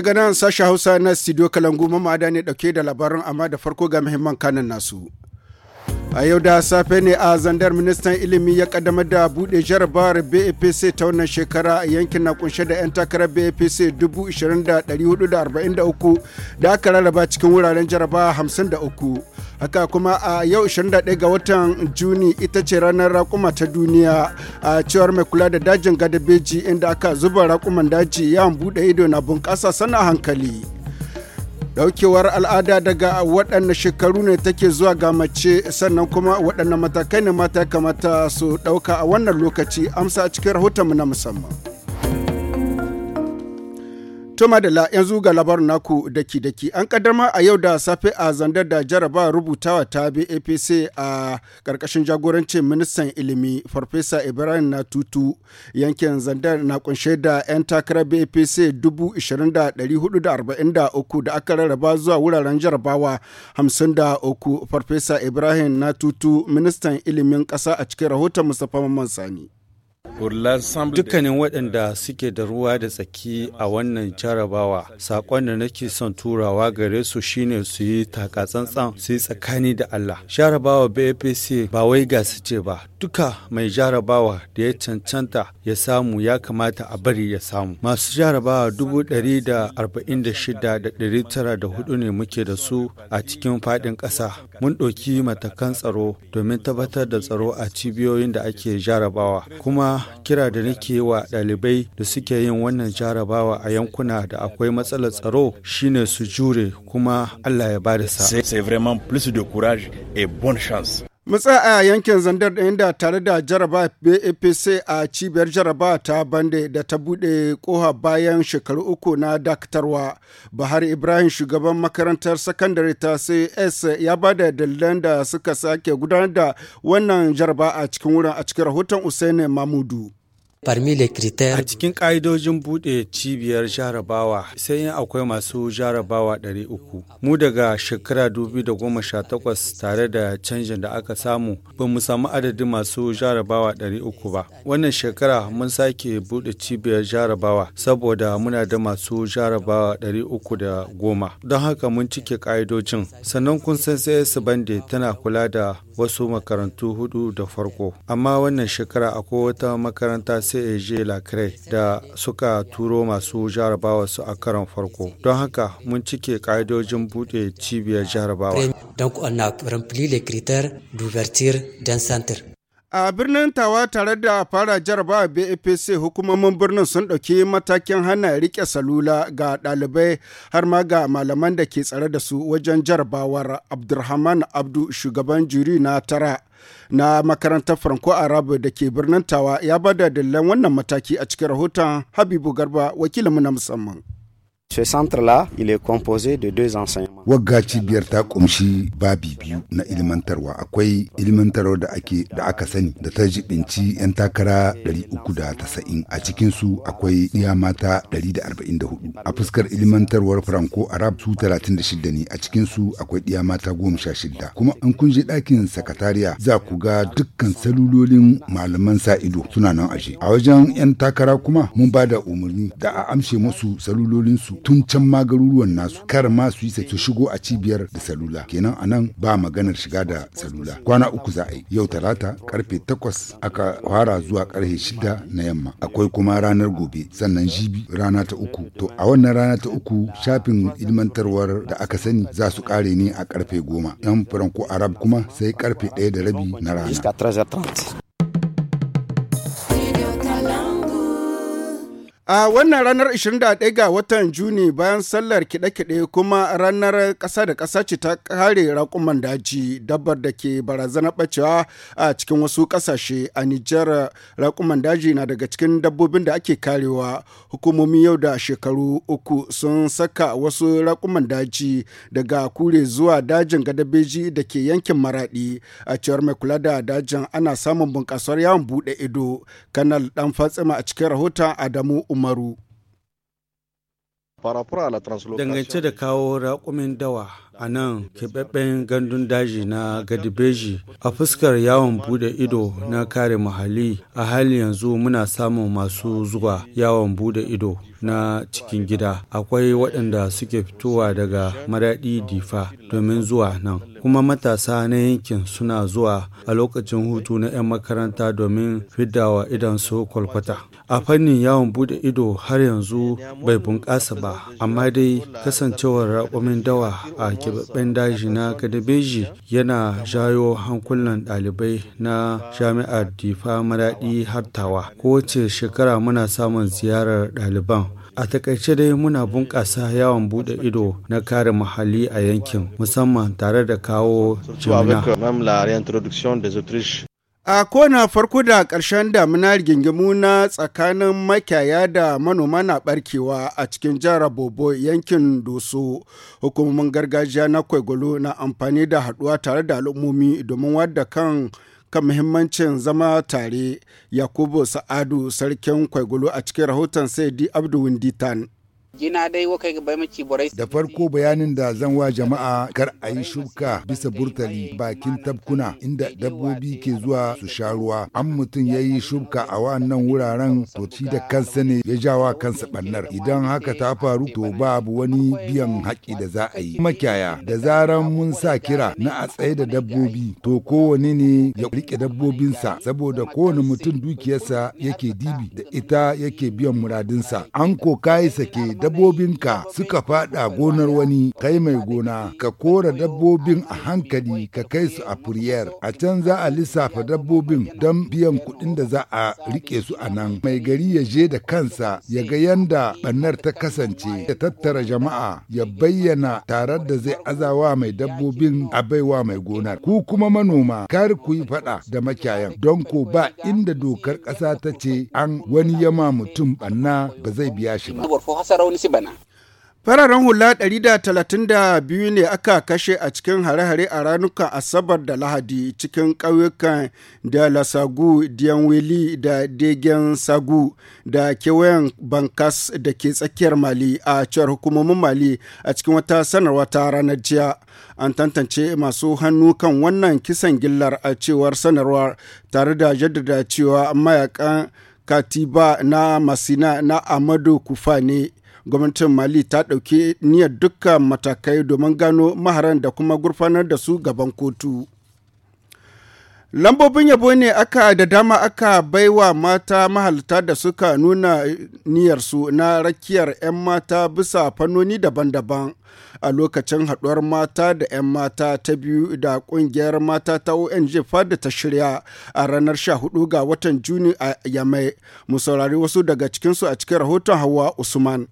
Daga nan sashen Hausa na Studio Kalangu mamada ne dauke da labarin amma da farko ga muhimman kanan nasu. a yau da safe ne a zandar ministan ilimi ya kaddamar da bude jarabawar bapc ta wannan shekara a yankin na kunshe da 'yan takarar bapc 20,443 da aka rarraba cikin wuraren jaraba 53 haka kuma a yau 21 ga watan juni ita ce ranar rakuma ta duniya a cewar mai kula da dajin gadabeji inda aka zuba rakuman daji yawan bude ido na bunƙasa sana hankali daukewar al'ada daga waɗanne shekaru ne take zuwa ga mace sannan kuma waɗanne matakai ne mata kamata su ɗauka a wannan lokaci amsa a cikin rahoton mu na musamman To madalla yanzu ga labarin naku daki-daki an kaddama a yau da safe a zandar da jaraba rubutawa ta BAPC a karkashin jagorancin ministan ilimi Farfesa Ibrahim Natutu yankin zandar na kunshe da 'yan takarar BAPC 20,443 da aka rarraba zuwa wuraren jarabawa 53 Farfesa Ibrahim Natutu ministan ilimin kasa a cikin rahoton Mustapha Mamman Sani. Dukkanin waɗanda suke da ruwa da tsaki a wannan jarabawa, saƙon da nake son turawa gare su shine su yi takatsantsan su yi tsakani da Allah. Jarabawa BAPC ba wai ga ce ba, duka mai jarabawa da ya cancanta ya samu ya kamata a bari ya samu. Masu jarabawa dubu ɗari da arba'in da shida da ɗari tara da hudu ne muke da su a cikin faɗin ƙasa. Mun ɗauki matakan tsaro domin tabbatar da tsaro a cibiyoyin da ake jarabawa. Kuma kira da nake wa ɗalibai da suke yin wannan jarabawa a yankuna da akwai matsalar tsaro shine su jure kuma Allah ya bada sa. C'est vraiment plus de courage et bonne chance. Matsa a yankin zandar inda tare da jaraba APC a cibiyar jaraba ta bande da ta buɗe koha bayan shekaru uku na dakatarwa. Bahar Ibrahim shugaban makarantar sakandare ta CS ya ba da dalilan da suka sake gudanar da wannan jaraba a cikin wurin a cikin rahoton Usaini Mamudu. A cikin ƙa'idojin buɗe cibiyar jarabawa sai in akwai masu jarabawa 300. Mu daga shekara da sha 2018 tare da canjin da aka samu ba mu samu adadin masu jarabawa 300 ba. Wannan shekara mun sake buɗe cibiyar jarabawa saboda muna da masu jarabawa da goma, Don haka mun cike ƙa'idojin. Sannan kun san sai su Bande tana kula da wasu makarantu hudu da farko. Amma wannan shekara akwai wata makaranta CAG Lacre da suka turo masu jarabawa su a karon farko. Don haka mun cike ƙa'idojin buɗe cibiyar jarabawa. Donc on a rempli les critères d'ouverture d'un centre. A birnin Tawa tare da fara jarabawa BAPC hukumomin birnin sun ɗauki matakin hana rike salula ga ɗalibai har ma ga malaman da ke tsare da su wajen jarabawar Abdulrahman Abdu shugaban juri na tara na makarantar Franco Arab da ke birnin Tawa ya bada dillan wannan mataki a cikin rahoton Habibu Garba wakilinmu na musamman. Ce centre-là, il est composé de deux enseignements. Wagga cibiyar ta kumshi babi biyu na ilimantarwa akwai ilimantarwa da ake da aka sani da ta jibinci 'yan takara 390 a cikinsu akwai iya mata 144 a fuskar ilimantarwar franco arab su 36 ne a cikinsu akwai iya mata 16 kuma an kunje ɗakin sakatariya za ku ga dukkan salulolin malaman sa ido suna nan aje a wajen 'yan takara kuma mun ba da umarni da a amshe musu salulolinsu tun can ma garuruwan nasu kar ma su yi su shigo a cibiyar da salula kenan anan ba maganar shiga da salula kwana uku za a yi yau talata karfe takwas aka fara zuwa karfe shida na yamma akwai kuma ranar gobe sannan jibi rana ta uku to a wannan rana ta uku shafin ilmantarwar da aka sani za su kare ne a karfe goma yan faranko arab kuma sai karfe ɗaya da rabi na rana A wannan ranar 21 ga watan Juni bayan sallar kiɗe-kiɗe kuma ranar ƙasa da ƙasa ce ta kare raƙuman daji dabbar da ke barazanar ɓacewa a cikin wasu ƙasashe a Nijar raƙuman daji na daga cikin dabbobin da ake karewa. Hukumomi yau da shekaru uku sun saka wasu raƙuman daji daga kure zuwa dajin gadabeji da ke yankin maraɗi. A cewar mai kula da dajin ana samun bunƙasar yawon buɗe ido. Kanal ɗan fatsima a cikin rahoton Adamu Umar. Umaru. Dangance da kawo raƙumin dawa a nan keɓaɓɓen gandun daji na gadibeji a fuskar yawon bude ido na kare muhalli a hali yanzu muna samun masu zuwa yawon bude ido na cikin gida akwai waɗanda suke fitowa daga maraɗi difa domin zuwa nan kuma matasa na yankin suna zuwa a lokacin hutu na 'yan makaranta domin fidawa su kwalkwata a fannin yawon bude ido har yanzu bai bunƙasa ba amma dai kasancewar raƙumin dawa a keɓaɓɓen daji na Kadabeji yana jayo hankulan ɗalibai na jami'ar Difa Maraɗi Hartawa. Kowace shekara muna samun ziyarar ɗaliban. a takaice dai muna bunƙasa yawon buɗe ido na kare muhalli a yankin musamman tare da kawo jimina. A kona farko da ƙarshen damina rigingimu na tsakanin makiyaya da manoma na barkewa a cikin jihar Bobo yankin Doso. Hukumomin gargajiya na Kwaigolo na amfani da haɗuwa tare da al'ummomi domin wadda kan kan muhimmancin zama tare Yakubu Sa'adu sarkin Kwaigolo a cikin rahoton Saidi Abdu Winditan. gina dai wakai bai maki borai da farko bayanin da zan wa jama'a kar a yi shuka bisa burtali bakin tabkuna inda dabbobi ke zuwa su sha ruwa an mutum ya yi shuka a wannan wuraren to shi da kansa ne ya jawa kansa bannar idan haka ta faru to babu wani biyan haƙƙi da za a yi makiyaya da zaran mun sa kira na a tsaye da dabbobi to kowane ne ya rike dabbobinsa saboda kowane mutum dukiyarsa yake dibi da ita yake biyan muradinsa an ko kayi sake dabbobinka suka fada gonar wani kai mai gona ka kora dabbobin a hankali ka kai su a furiyar a can za a lissafa dabbobin don biyan kuɗin da za a rike su a nan mai gari ya je da kansa ya ga yanda bannar ta kasance ya tattara jama'a ya bayyana tarar da zai azawa mai dabbobin a baiwa mai gonar ku kuma manoma kar ku yi fada da makiyayan don ko ba inda dokar ƙasa ta ce an wani yama mutum banna ba zai biya shi ba wani si bana fararen hula 132 ne aka kashe a cikin hare-hare a ranuka asabar da lahadi cikin ƙauyukan da lasagu dianwili da degen sagu da kewayen bankas da ke tsakiyar mali a cewar hukumomin mali a cikin wata sanarwa ta ranar jiya an tantance masu hannu kan wannan kisan gillar a cewar sanarwar tare da jaddada cewa mayakan katiba na masina na amadu kufa gwamnatin mali ta ɗauki niyyar dukkan matakai domin gano maharan da kuma gurfanar da su gaban kotu lambobin yabo ne aka da dama aka baiwa mata mahalta da suka nuna niyyarsu na rakiyar 'yan mata bisa fannoni daban-daban a lokacin haɗuwar mata da 'yan mata ta biyu da ƙungiyar mata ta ong fada ta shirya a ranar 14 ga watan juni a yamai mu saurari wasu daga cikinsu a cikin rahoton hawa usman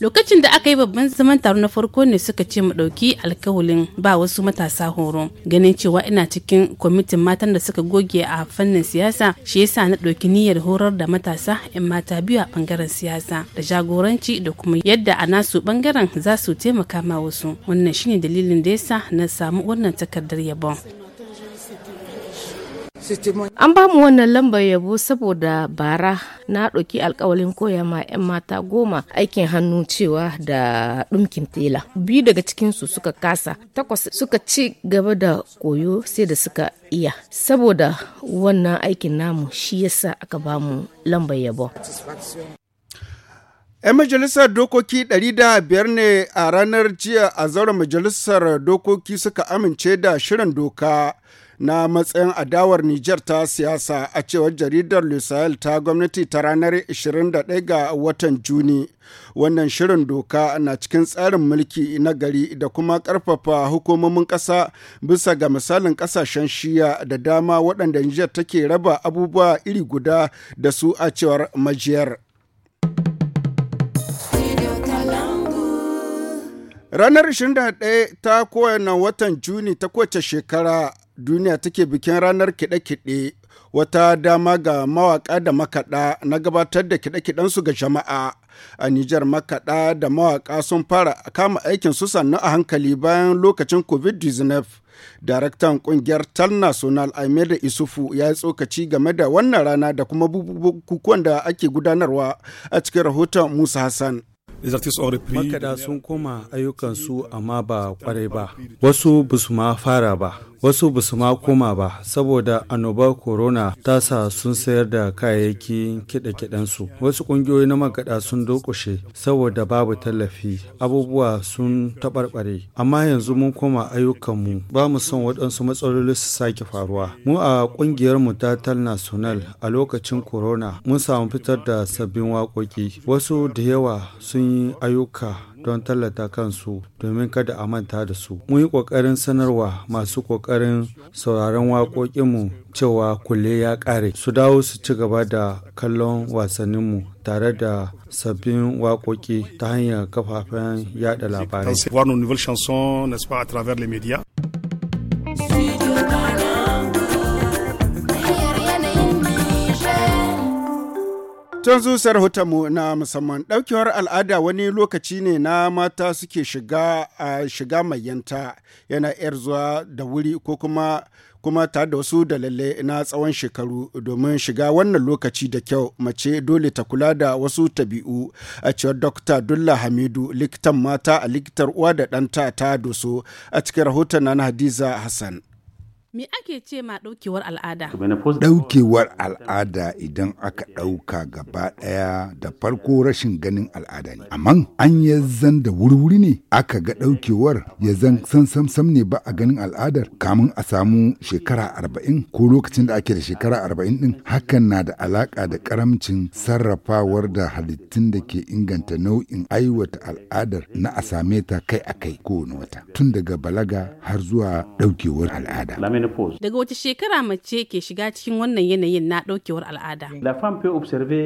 Lokacin da aka yi babban zaman taro na farko ne suka ce mu ɗauki alkawalin ba wasu matasa horo. Ganin cewa ina cikin kwamitin matan da suka goge a fannin siyasa shi yasa na ɗauki niyyar horar da matasa in mata biyu a ɓangaren siyasa da jagoranci da kuma yadda a nasu bangaren za su taimaka ma wasu. Wannan shine dalilin da yasa na samu wannan takardar yabon. An ba mu wannan lambar yabo saboda bara na ɗauki alkawalin koya ma 'yan mata goma aikin hannu cewa da ɗumkin tela. Biyu daga cikinsu suka kasa, takwas suka ci gaba da koyo sai da suka iya. Saboda wannan aikin namu shi yasa aka ba mu lambar yabo. 'Yan majalisar dokoki 500 ne a ranar jiya a zauren majalisar dokoki suka amince da shirin doka. na matsayin adawar Nijar ta siyasa a cewar jaridar Lusail ta gwamnati ta ranar 21 ga watan Juni. Wannan shirin doka na cikin tsarin mulki na gari da kuma ƙarfafa hukumomin ƙasa bisa ga misalin ƙasashen shiya da dama waɗanda Nijar take raba abubuwa iri guda da su a cewar majiyar. Ranar 21 ta kowane watan Juni ta kowace shekara duniya take bikin ranar kiɗe-kiɗe wata dama ga mawaƙa da makaɗa na gabatar da kiɗe-kiɗensu ga jama'a. A Nijar makaɗa da mawaƙa sun fara kama aikin su sannu a hankali bayan lokacin COVID-19. Daraktan ƙungiyar Tal National da Isufu ya yi tsokaci game da wannan rana da kuma bukukuwan da ake gudanarwa a cikin rahoton Musa Hassan. Makaɗa sun koma ayyukansu amma ba kwarai ba, wasu ba su ma fara ba, wasu ba su ma koma ba saboda annobar corona ta sa sun sayar da kayayyakin kiɗe-kiɗensu wasu ƙungiyoyi na magaɗa sun dokushe saboda babu tallafi abubuwa sun taɓarɓare amma yanzu mun koma ayyukanmu ba mu son waɗansu matsaloli su sake faruwa mu a ƙungiyarmu ta tal national a lokacin corona mun samu fitar da sabbin waƙoƙi wasu da yawa sun yi ayyuka don tallata kansu domin kada a manta da su. Mun yi ƙoƙarin sanarwa masu ƙoƙarin sauraron waƙoƙinmu cewa kule ya ƙare. Su dawo su ci gaba da kallon wasanninmu tare da sabbin waƙoƙi ta hanyar kafafen yaɗa labarai. Tun zusar mu na musamman ɗaukewar al'ada wani lokaci ne na mata suke shiga a shiga mayanta yana yar zuwa da wuri ko kuma kuma ta da wasu dalilai na tsawon shekaru domin shiga wannan lokaci da kyau mace dole ta kula da wasu tabi'u a cewar Dokta dulla hamidu likitan mata a likitar uwa da ɗanta ta doso a cikin rahoton na hadiza hassan Me ake ce ma ɗaukewar al'ada? Ɗaukewar al'ada idan aka ɗauka gaba ɗaya da farko rashin ganin al'ada ne. Amma an ya zan da wuri-wuri ne aka ga ɗaukewar ya zan san sam ne ba a ganin al'adar kamun a samu shekara arba'in ko lokacin da ake da shekara arba'in ɗin hakan na da alaƙa da karamcin sarrafawar da halittun da ke inganta nau'in aiwata al'adar na a same ta kai a kai kowane wata tun daga balaga har zuwa ɗaukewar al'ada. menopause. Daga wace shekara mace ke shiga cikin wannan yanayin na ɗaukewar al'ada?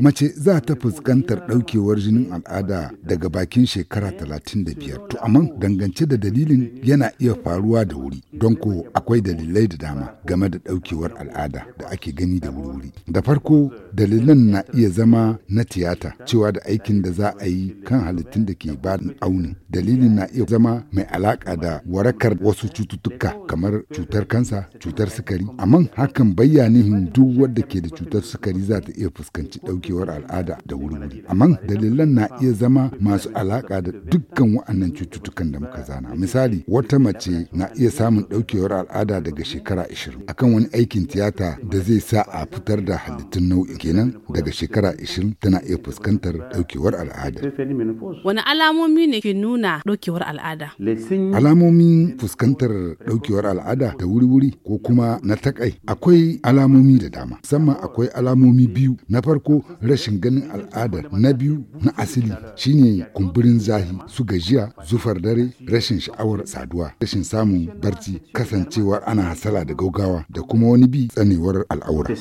Mace za ta fuskantar ɗaukewar jinin al'ada daga bakin shekara talatin da biyar To amma dangance da dalilin yana iya faruwa da wuri. Don ko akwai dalilai da dama game da ɗaukewar al'ada da ake gani da wuri. Da farko dalilan na iya zama na tiyata cewa da aikin da za a yi kan halittun da ke bada auni Dalilin na iya zama mai alaƙa da warakar wasu cututtuka kamar cutar kansa cutar sukari amma hakan bayyanihin duk wadda ke da cutar sukari za ta iya fuskanci daukewar al'ada da wuri-wuri amma dalilan na iya zama masu alaka da dukkan wa'annan cututtukan da muka zana misali wata mace na iya samun daukewar al'ada daga shekara 20 akan wani aikin tiyata da zai sa a fitar da halittun nau'in kenan daga shekara 20 tana iya fuskantar daukewar al'ada wani alamomi ne ke nuna daukewar al'ada alamomin fuskantar daukewar al'ada da wuri-wuri ko kuma na takai akwai alamomi da dama musamman akwai alamomi biyu na farko rashin ganin al'ada. na biyu na asili shine kumburin zahi su gajiya zufar dare rashin sha'awar saduwa rashin samun barci kasancewa ana hasala da gaugawa da kuma wani bi tsanewar al'aura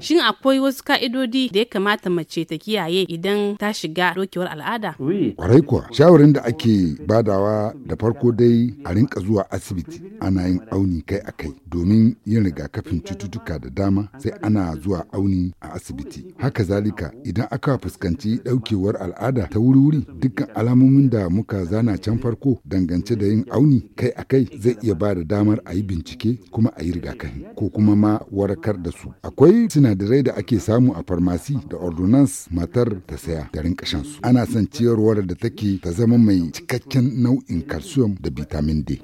shin akwai wasu ka'idodi da ya kamata mace ta kiyaye idan ta shiga dokewar al'ada kwarai kuwa shawarin da ake badawa da farko dai a rinka zuwa asibiti ana yin auni kai a kai domin yin rigakafin cututtuka da dama sai ana zuwa auni a asibiti haka zalika idan aka fuskanci daukewar al'ada ta wuri-wuri dukkan alamomin da muka zana can farko dangance da yin auni kai a kai zai iya ba da damar a yi bincike kuma a yi rigakafi ko kuma ma warakar da su akwai sinadarai da ake samu a farmasi da ordonance matar ta saya da rinka su ana son ciyarwar da take ta zama mai cikakken nau'in calcium da vitamin D.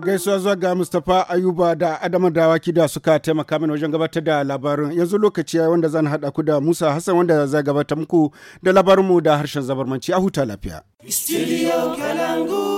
gaisuwa zuwa ga Mustapha Ayuba da Adama da waki da suka taimaka mini wajen gabatar da labarin. Yanzu lokaci ya wanda zan haɗa ku da Musa Hassan wanda zai gabatar muku da labarinmu da harshen zabarmanci a huta lafiya. Studio Kalangu.